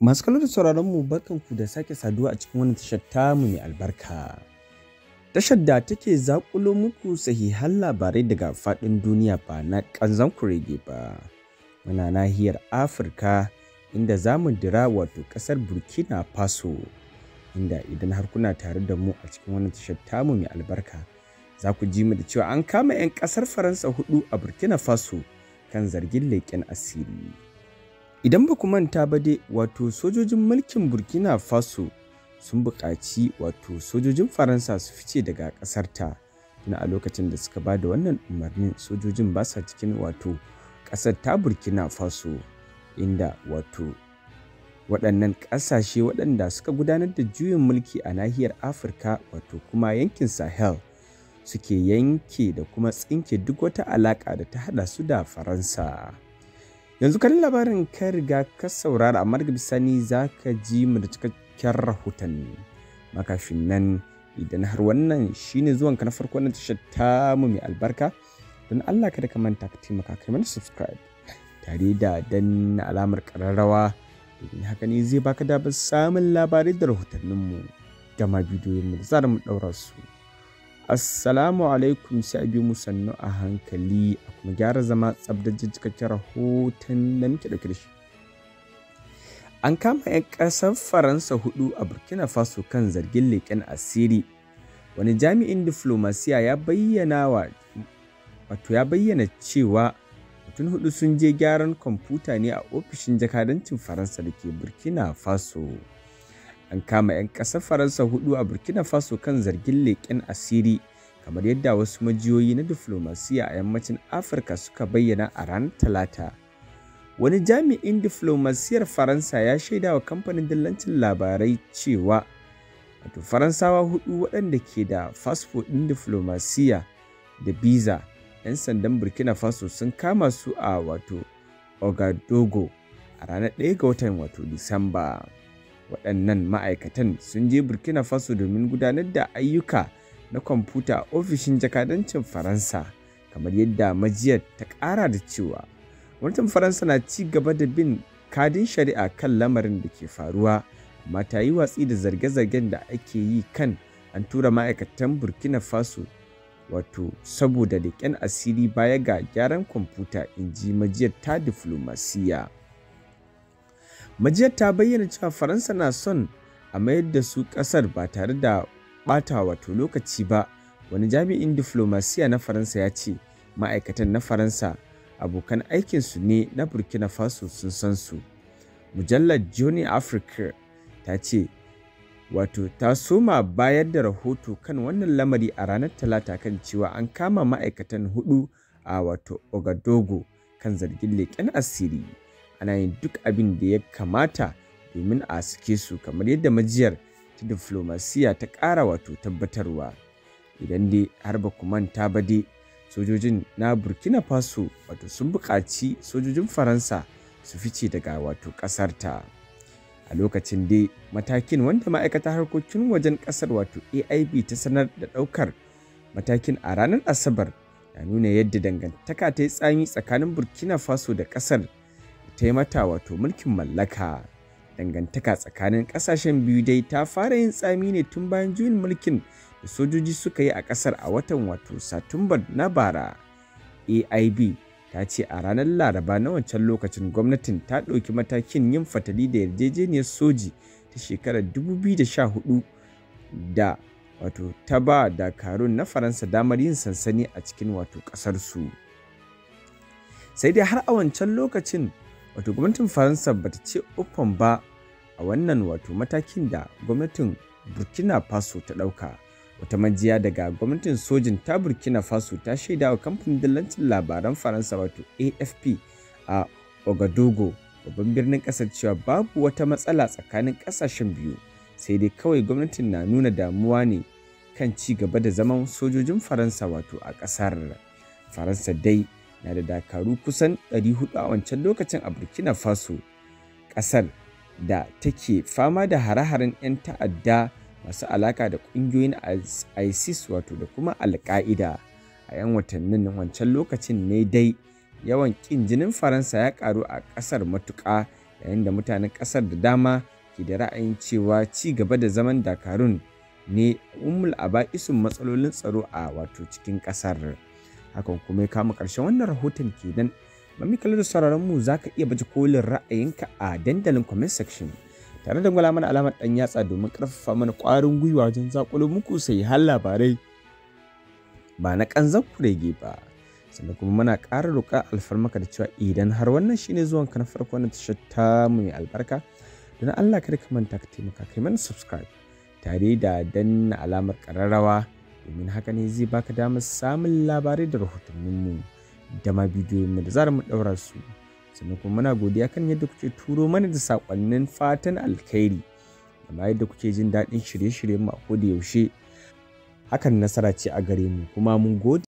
Masu kallon da sauraron mu ku da sake saduwa a cikin wani tashar tamu mai albarka. Tashar da take zakulo muku sahihan labarai daga faɗin duniya ba na ƙanzan kurege ba. Muna nahiyar Afirka inda za mu dira wato ƙasar Burkina Faso. Inda idan har kuna tare da mu a cikin wani tashar tamu mai albarka za ku ji mu da cewa an kama 'yan ƙasar Faransa hudu a Burkina Faso kan zargin leƙen asiri. Idan ba ku manta ba dai wato sojojin mulkin Burkina Faso sun buƙaci wato sojojin Faransa su fice daga ƙasar ta. Tuna a lokacin da suka ba da wannan umarnin sojojin ba sa cikin wato ƙasar ta Burkina Faso inda wato waɗannan ƙasashe waɗanda suka gudanar da juyin mulki a nahiyar afirka wato kuma yankin sahel suke yanke da kuma tsinke duk wata alaƙa da ta haɗa su da faransa Yanzu kan labarin ka riga ka saurara amma daga bisani za ka ji mu da cikakken rahotanni. Makafin nan idan har wannan shine ka na farko na tashar tamu mai albarka don Allah kada ka manta ka taimaka kai mana subscribe tare da danna alamar kararrawa domin haka ne zai baka damar samun labarai da rahotanninmu da ma mu da za mu daura su. Assalamu alaikum sai abi sannu a hankali a kuma gyara zama tsabdajin cikakken rahoton da muke da shi. An kama 'yan ƙasar Faransa hudu a Burkina Faso kan zargin leƙen asiri. Wani jami'in diflomasiya ya bayyana wa wato ya bayyana cewa mutum hudu sun je gyaran kwamfuta ne a ofishin jakadancin Faransa da ke Burkina Faso. an kama 'yan ƙasar faransa hudu a burkina faso kan zargin leƙen asiri kamar yadda wasu majiyoyi na diflomasiya a yammacin afirka suka bayyana a ranar talata wani jami'in diflomasiyar faransa ya shaida wa kamfanin dillancin labarai cewa wato faransawa hudu waɗanda ke da fasfo ɗin diflomasiya da biza 'yan sandan burkina faso sun kama su a wato ogadogo a ranar 1 ga watan wato disamba waɗannan ma'aikatan sun je burkina faso domin gudanar da ayyuka na kwamfuta a ofishin jakadancin faransa kamar yadda majiyar ta ƙara da cewa gwamnatin faransa na ci gaba da bin kadin shari'a kan lamarin da ke faruwa amma ta yi watsi da zarge-zargen da ake yi kan an tura ma'aikatan burkina faso wato saboda leƙen asiri baya ga gyaran kwamfuta in ji majiyar ta diflomasiya. majiyar ta bayyana cewa faransa na son a mayar da su ƙasar ba tare da ɓata wato lokaci ba wani jami'in diflomasiya na faransa ya ce ma'aikatan na faransa abokan aikinsu ne na burkina faso sun san su mujallar johnny africa ta ce wato ta soma bayar da rahoto kan wannan lamari a ranar talata kan cewa an kama ma'aikatan hudu a wato ogadogo kan zargin leƙen asiri ana yin duk abin da ya kamata domin a sake su kamar yadda majiyar ta diflomasiya ta ƙara wato tabbatarwa idan dai har ba ku manta ba dai sojojin na burkina faso wato sun buƙaci sojojin faransa su fice daga wato ƙasar ta a lokacin dai matakin wanda ma'aikatar harkokin wajen ƙasar wato aib ta sanar da ɗaukar matakin a ranar asabar na nuna yadda dangantaka ta yi tsami tsakanin burkina faso da ƙasar ta mata wato mulkin mallaka dangantaka tsakanin kasashen biyu dai ta fara yin tsami ne tun bayan juyin mulkin da sojoji suka yi a kasar a watan wato satumbar na bara aib ta ce a ranar laraba na wancan lokacin gwamnatin ta ɗauki matakin yin fatali da yarjejeniyar soji ta shekarar 2014 da wato ta ba dakarun na faransa damar yin sansani a cikin wato ƙasarsu sai dai har a wancan lokacin wato gwamnatin faransa ba ta ce uffan ba a wannan wato matakin da gwamnatin burkina faso ta ɗauka wata majiya daga gwamnatin sojin ta burkina faso ta shaida wa kamfanin dillancin labaran faransa wato afp a ogadogo babban birnin ƙasar cewa babu wata matsala tsakanin ƙasashen biyu sai dai kawai gwamnatin na nuna damuwa ne kan ci gaba da zaman sojojin faransa wato a ƙasar faransa dai na da dakaru kusan 400 a wancan lokacin a burkina faso ƙasar da take fama da hare-haren 'yan ta'adda masu alaka da ƙungiyoyin isis wato da kuma alka'ida a 'yan watannin wancan lokacin ne dai yawan ƙin jinin faransa ya ƙaru a ƙasar matuƙa yayin da mutanen ƙasar da dama ke da ra'ayin cewa ci gaba da zaman dakarun ne umul a aba'isun matsalolin tsaro a wato cikin ƙasar. hakan kuma ya kama ƙarshen wannan rahoton kenan mami mu da sauraron mu za ka iya baje kolin ra'ayinka a dandalin comment section tare da gwala mana alamar ɗan yatsa domin ƙarfafa mana ƙwarin gwiwa wajen zakulo muku sai har labarai ba na ƙanzan kurege ba sannan kuma muna ƙara roƙa alfarmaka da cewa idan har wannan shine zuwan ka na farko na tashar ta mu mai albarka don Allah kada ka manta ka taimaka kai mana subscribe tare da danna alamar ƙararrawa domin haka ne zai baka damar samun labarai da rahotanninmu da ma bidiyoyinmu da zarar mu ɗaura su sannan kuma muna godiya kan yadda kuke turo mana da saƙonnin fatan alkhairi da ma yadda kuke jin daɗin shirye-shiryenmu a koda yaushe hakan nasara ce a gare mu kuma mun gode